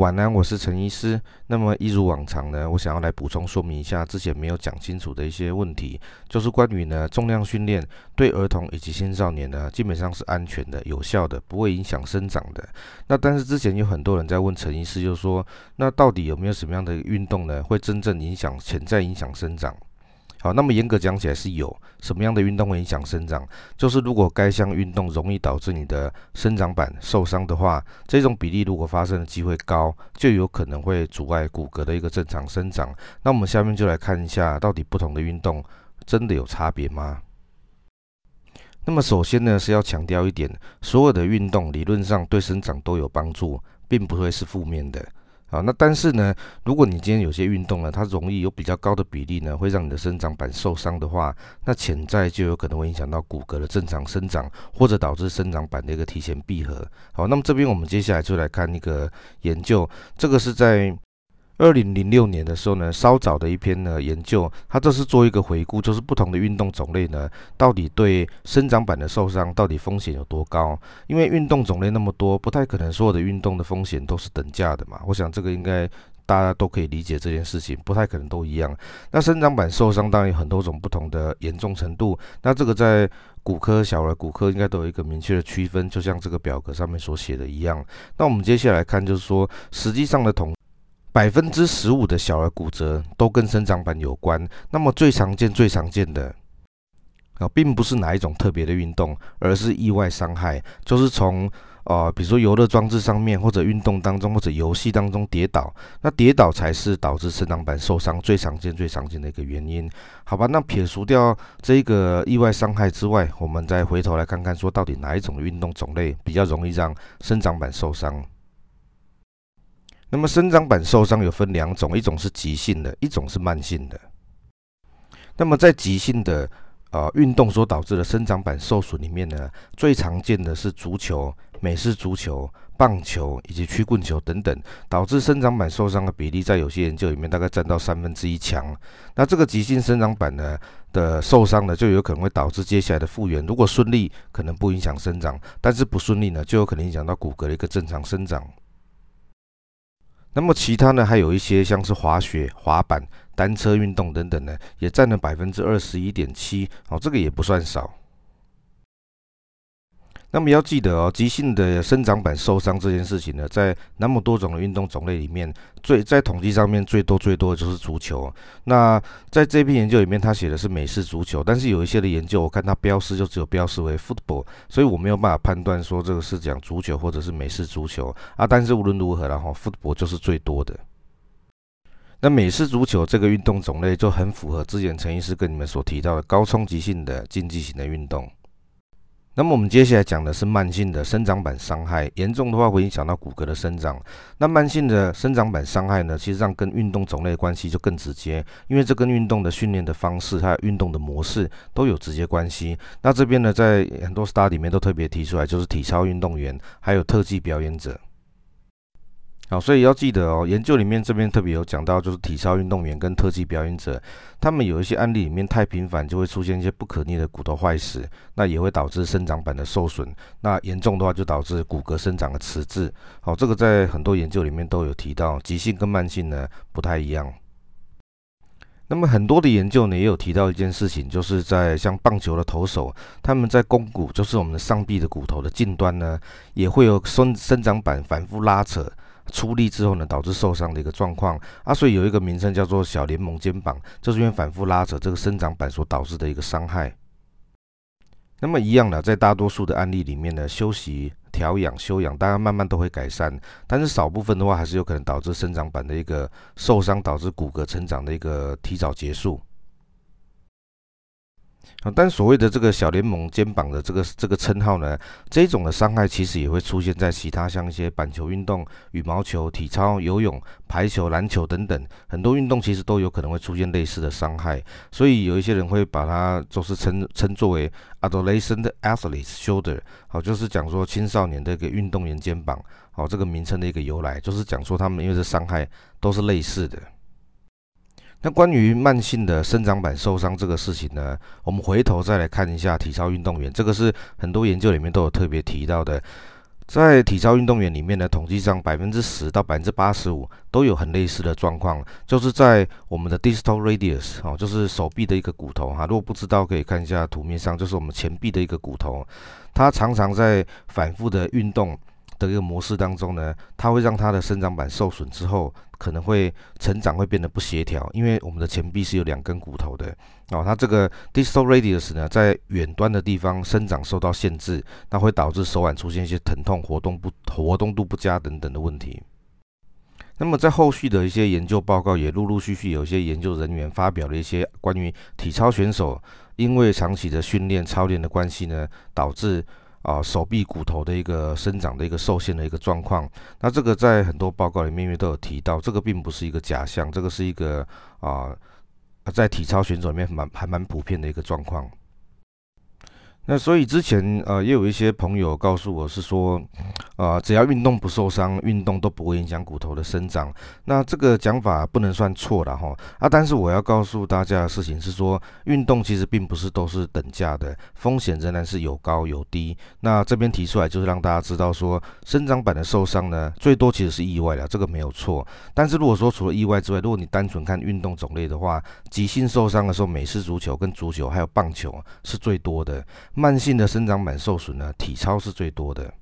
晚安，我是陳醫師。那麼，一如往常呢，我想要來補充說明一下之前沒有講清楚的一些問題，就是關於呢重量訓練對兒童以及青少年呢，基本上是安全的、有效的，不會影響生長的。那但是之前有很多人在問陳醫師就是，就說那到底有沒有什麼樣的運動呢，會真正影響、潛在影響生長？好，那麼嚴格講起來是有什麼樣的運動會影響生長？就是如果該項運動容易導致你的生長板受傷的話，這種比例如果發生的機會高，就有可能會阻礙骨骼的一個正常生長。那我們下面就來看一下，到底不同的運動真的有差別嗎？那麼首先呢是要強調一點，所有的運動理論上對生長都有幫助，並不會是負面的。好，那但是呢，如果你今天有些運動呢，它容易有比較高的比例呢，會讓你的生長板受傷的話，那潛在就有可能會影響到骨骼的正常生長，或者導致生長板的一個提前閉合。好，那麼這邊我們接下來就來看一個研究，這個是在。二零零六年的時候呢，稍早的一篇呢研究，它這是做一個回顧，就是不同的運動種類呢，到底對生長板的受傷到底風險有多高？因為運動種類那麼多，不太可能所有的運動的風險都是等價的嘛。我想這個應該大家都可以理解這件事情，不太可能都一樣。那生長板受傷當然有很多種不同的嚴重程度，那這個在骨科，小兒骨科應該都有一個明確的區分，就像這個表格上面所寫的一樣。那我們接下來看，就是說實際上的同。百分之十五的小兒骨折都跟生長板有關。那麼最常見、最常見的啊，並不是哪一種特別的運動，而是意外傷害，就是從啊、呃、比如說遊樂裝置上面，或者運動當中，或者遊戲當中跌倒，那跌倒才是導致生長板受傷最常見、最常見的一個原因。好吧，那撇除掉這個意外傷害之外，我們再回頭來看看，說到底哪一種運動種類比較容易讓生長板受傷？那麼生長板受傷有分兩種，一種是急性的，一種是慢性的。那麼在急性的，呃運動所導致的生長板受損裡面呢，最常見的是足球、美式足球、棒球以及曲棍球等等，導致生長板受傷的比例在有些研究裡面大概佔到三分之一強。那這個急性生長板呢的受傷呢，就有可能會導致接下來的復原。如果順利，可能不影響生長，但是不順利呢，就有可能影響到骨骼的一個正常生長。那麼其他呢，還有一些像是滑雪、滑板、單車運動等等呢，也佔了百分之二十一點七哦，這個也不算少。那麼要記得哦，急性的生長板受傷這件事情呢，在那麼多種的運動種類裡面，最在統計上面最多最多的就是足球。那在這篇研究裡面，他寫的是美式足球，但是有一些的研究，我看他標示就只有標示為 football，所以我沒有辦法判斷說這個是講足球或者是美式足球啊。但是無論如何，然後 football 就是最多的。那美式足球這個運動種類就很符合之前陳醫師跟你們所提到的高衝擊性的競技型的運動。那麼我們接下來講的是慢性的生長板傷害，嚴重的話會影響到骨骼的生長。那慢性的生長板傷害呢，其實上跟運動種類的關係就更直接，因為這跟運動的訓練的方式、還有運動的模式都有直接關係。那這邊呢，在很多 study 裡面都特別提出來，就是體操運動員還有特技表演者。好，所以要記得哦。研究裡面這邊特別有講到，就是體操運動員跟特技表演者，他們有一些案例裡面太頻繁，就會出現一些不可逆的骨頭壞死，那也會導致生長板的受損。那嚴重的話，就導致骨骼生長的遲滯。好，這個在很多研究裡面都有提到，急性跟慢性呢不太一樣。那麼很多的研究呢也有提到一件事情，就是在像棒球的投手，他們在肱骨，就是我們的上臂的骨頭的近端呢，也會有生生長板反覆拉扯。出力之後呢，導致受傷的一個狀況啊，所以有一個名稱叫做“小聯盟肩膀”，就是因為反覆拉扯這個生長板所導致的一個傷害。那麼一樣的，在大多數的案例裡面呢，休息、調養、休養，大家慢慢都會改善。但是少部分的話，還是有可能導致生長板的一個受傷，導致骨骼成長的一個提早結束。啊，但所謂的這個小聯盟肩膀的這個這個稱號呢，這種的傷害其實也會出現在其他像一些板球運動、羽毛球、體操、游泳、排球、籃球等等很多運動，其實都有可能會出現類似的傷害。所以有一些人會把它就是稱稱作為 adolescent athletes shoulder，好，就是講說青少年的一個運動員肩膀，好，這個名稱的一個由來，就是講說他們因為這傷害都是類似的。那關於慢性的生長板受傷這個事情呢，我們回頭再來看一下體操運動員，這個是很多研究裡面都有特別提到的。在體操運動員裡面呢，統計上百分之十到百分之八十五都有很類似的狀況，就是在我們的 distal radius 哦，就是手臂的一個骨頭哈。如果不知道，可以看一下圖面上，就是我們前臂的一個骨頭，它常常在反複的運動的一個模式當中呢，它會讓它的生長板受損之後。可能會成長會變得不協調，因為我們的前臂是有兩根骨頭的啊、哦，它這個 distal radius 呢，在遠端的地方生長受到限制，那會導致手腕出現一些疼痛、活動不、活動度不佳等等的問題。那麼在後續的一些研究報告，也陸陸續續有一些研究人員發表了一些關於體操選手，因為長期的訓練操練的關係呢，導致。啊，手臂骨頭的一個生長的一個受限的一個狀況，那這個在很多報告裡面面都有提到，這個並不是一個假象，這個是一個啊，在體操選手裡面蠻還蠻普遍的一個狀況。那所以之前呃也有一些朋友告訴我是說，呃只要運動不受傷，運動都不會影響骨頭的生長。那這個講法不能算錯了哈啊！但是我要告訴大家的事情是說，運動其實並不是都是等價的，風險仍然是有高有低。那這邊提出來就是讓大家知道說，生長板的受傷呢，最多其實是意外了，這個沒有錯。但是如果說除了意外之外，如果你單純看運動種類的話，急性受傷的時候，美式足球跟足球還有棒球是最多的。慢性的生長板受損呢、啊，體操是最多的。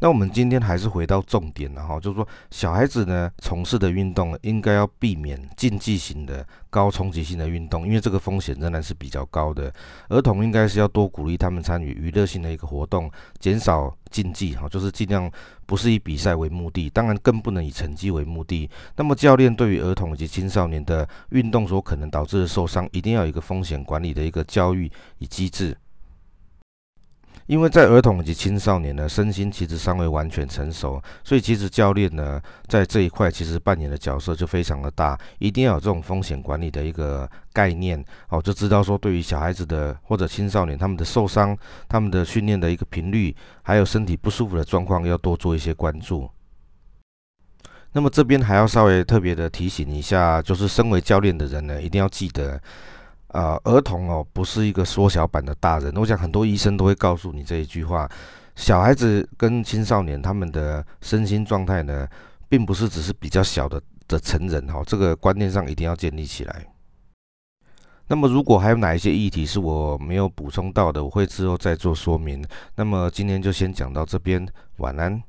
那我們今天還是回到重點了哈，就是說小孩子呢，從事的運動應該要避免競技型的高衝擊性的運動，因為這個風險仍然是比較高的。兒童應該是要多鼓勵他們參與娛樂性的一個活動，減少競技哈，就是盡量不是以比賽為目的，當然更不能以成績為目的。那麼教練對於兒童以及青少年的運動所可能導致的受傷，一定要有一個風險管理的一個教育與機制。因為在兒童以及青少年呢，身心其實尚未完全成熟，所以其實教練呢，在這一塊其實扮演的角色就非常的大，一定要有這種風險管理的一個概念，好，就知道說對於小孩子的或者青少年他們的受傷、他們的訓練的一個頻率，還有身體不舒服的狀況，要多做一些關注。那麼這邊還要稍微特別的提醒一下，就是身為教練的人呢，一定要記得。呃，兒童哦，不是一個縮小版的大人。我想很多醫生都會告訴你這一句話：小孩子跟青少年他們的身心狀態呢，並不是只是比較小的的成人哈。這個觀念上一定要建立起來。那麼，如果還有哪一些議題是我沒有補充到的，我會之後再做說明。那麼今天就先講到這邊，晚安。